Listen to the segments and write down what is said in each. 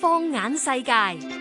放眼世界。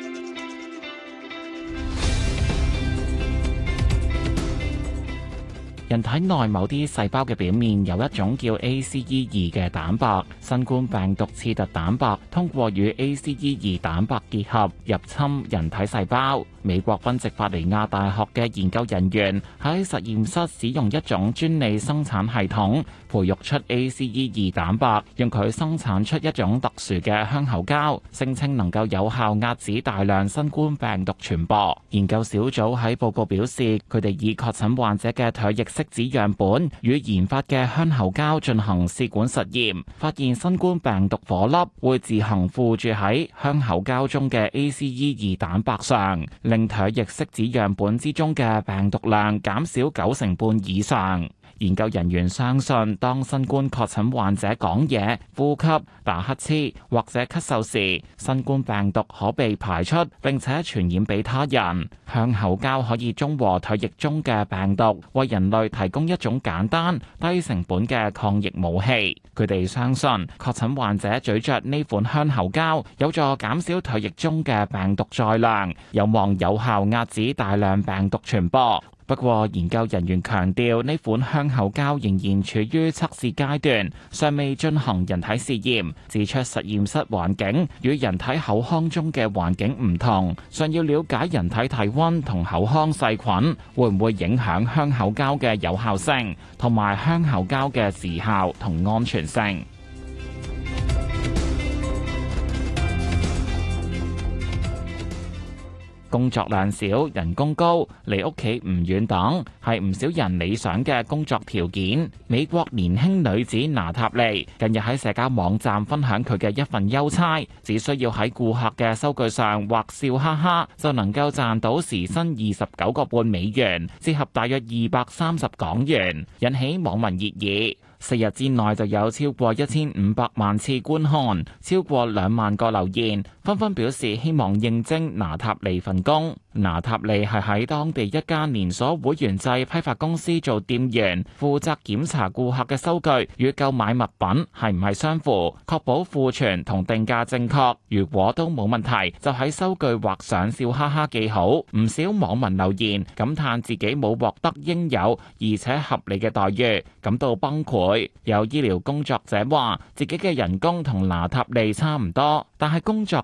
人體內某啲細胞嘅表面有一種叫 ACE 二嘅蛋白，新冠病毒刺突蛋白通過與 ACE 二蛋白結合入侵人體細胞。美國賓夕法尼亞大學嘅研究人員喺實驗室使用一種專利生產系統培育出 ACE 二蛋白，讓佢生產出一種特殊嘅香口膠，聲稱能夠有效壓止大量新冠病毒傳播。研究小組喺報告表示，佢哋以確診患者嘅唾液色子樣本與研發嘅香口膠進行試管實驗，發現新冠病毒顆粒會自行附住喺香口膠中嘅 ACE2 蛋白上，令唾液色子樣本之中嘅病毒量減少九成半以上。 研究人員相信，當新冠確診患者講嘢、呼吸、打乞嗤或者咳嗽時，新冠病毒可被排出並且傳染俾他人。香口膠可以中和唾液中嘅病毒，為人類提供一種簡單、低成本嘅抗疫武器。佢哋相信，確診患者咀嚼呢款香口膠有助減少唾液中嘅病毒載量，有望有效壓止大量病毒傳播。不過研究人員強調，呢款香口膠仍然處於測試階段，尚未進行人體試驗，指出實驗室環境與人體口腔中嘅環境唔同，尚要了解人體體溫同口腔細菌會唔會影響香口膠嘅有效性，同埋香口膠嘅時效同安全性。工作量少，人工高，離屋企唔遠等，係唔少人理想嘅工作條件。美國年輕女子娜塔莉近日喺社交網站分享佢嘅一份優差，只需要喺顧客嘅收據上畫笑哈哈，就能夠賺到時薪二十九個半美元，折合大約二百三十港元，引起網民熱議。四日之內就有超過一千五百萬次觀看，超過兩萬個留言。紛紛表示希望應徵娜塔利份工。娜塔利係喺當地一家連鎖會員制批發公司做店員，負責檢查顧客嘅收據與購買物品係唔係相符，確保庫存同定價正確。如果都冇問題，就喺收據畫上笑哈哈記好。唔少網民留言感嘆自己冇獲得應有而且合理嘅待遇，感到崩潰。有醫療工作者話自己嘅人工同娜塔利差唔多，但係工作。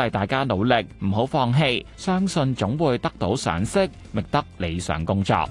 為大家努力，唔好放棄，相信總會得到賞識，覓得理想工作。